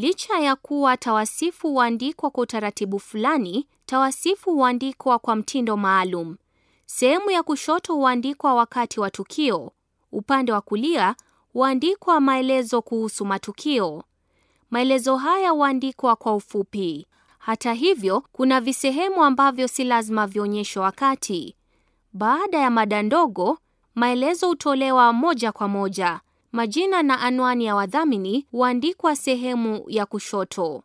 Licha ya kuwa tawasifu huandikwa kwa utaratibu fulani, tawasifu huandikwa kwa mtindo maalum. Sehemu ya kushoto huandikwa wakati wa tukio, upande wa kulia huandikwa maelezo kuhusu matukio. Maelezo haya huandikwa kwa ufupi. Hata hivyo, kuna visehemu ambavyo si lazima vionyeshwe wakati. Baada ya mada ndogo, maelezo hutolewa moja kwa moja. Majina na anwani ya wadhamini huandikwa sehemu ya kushoto.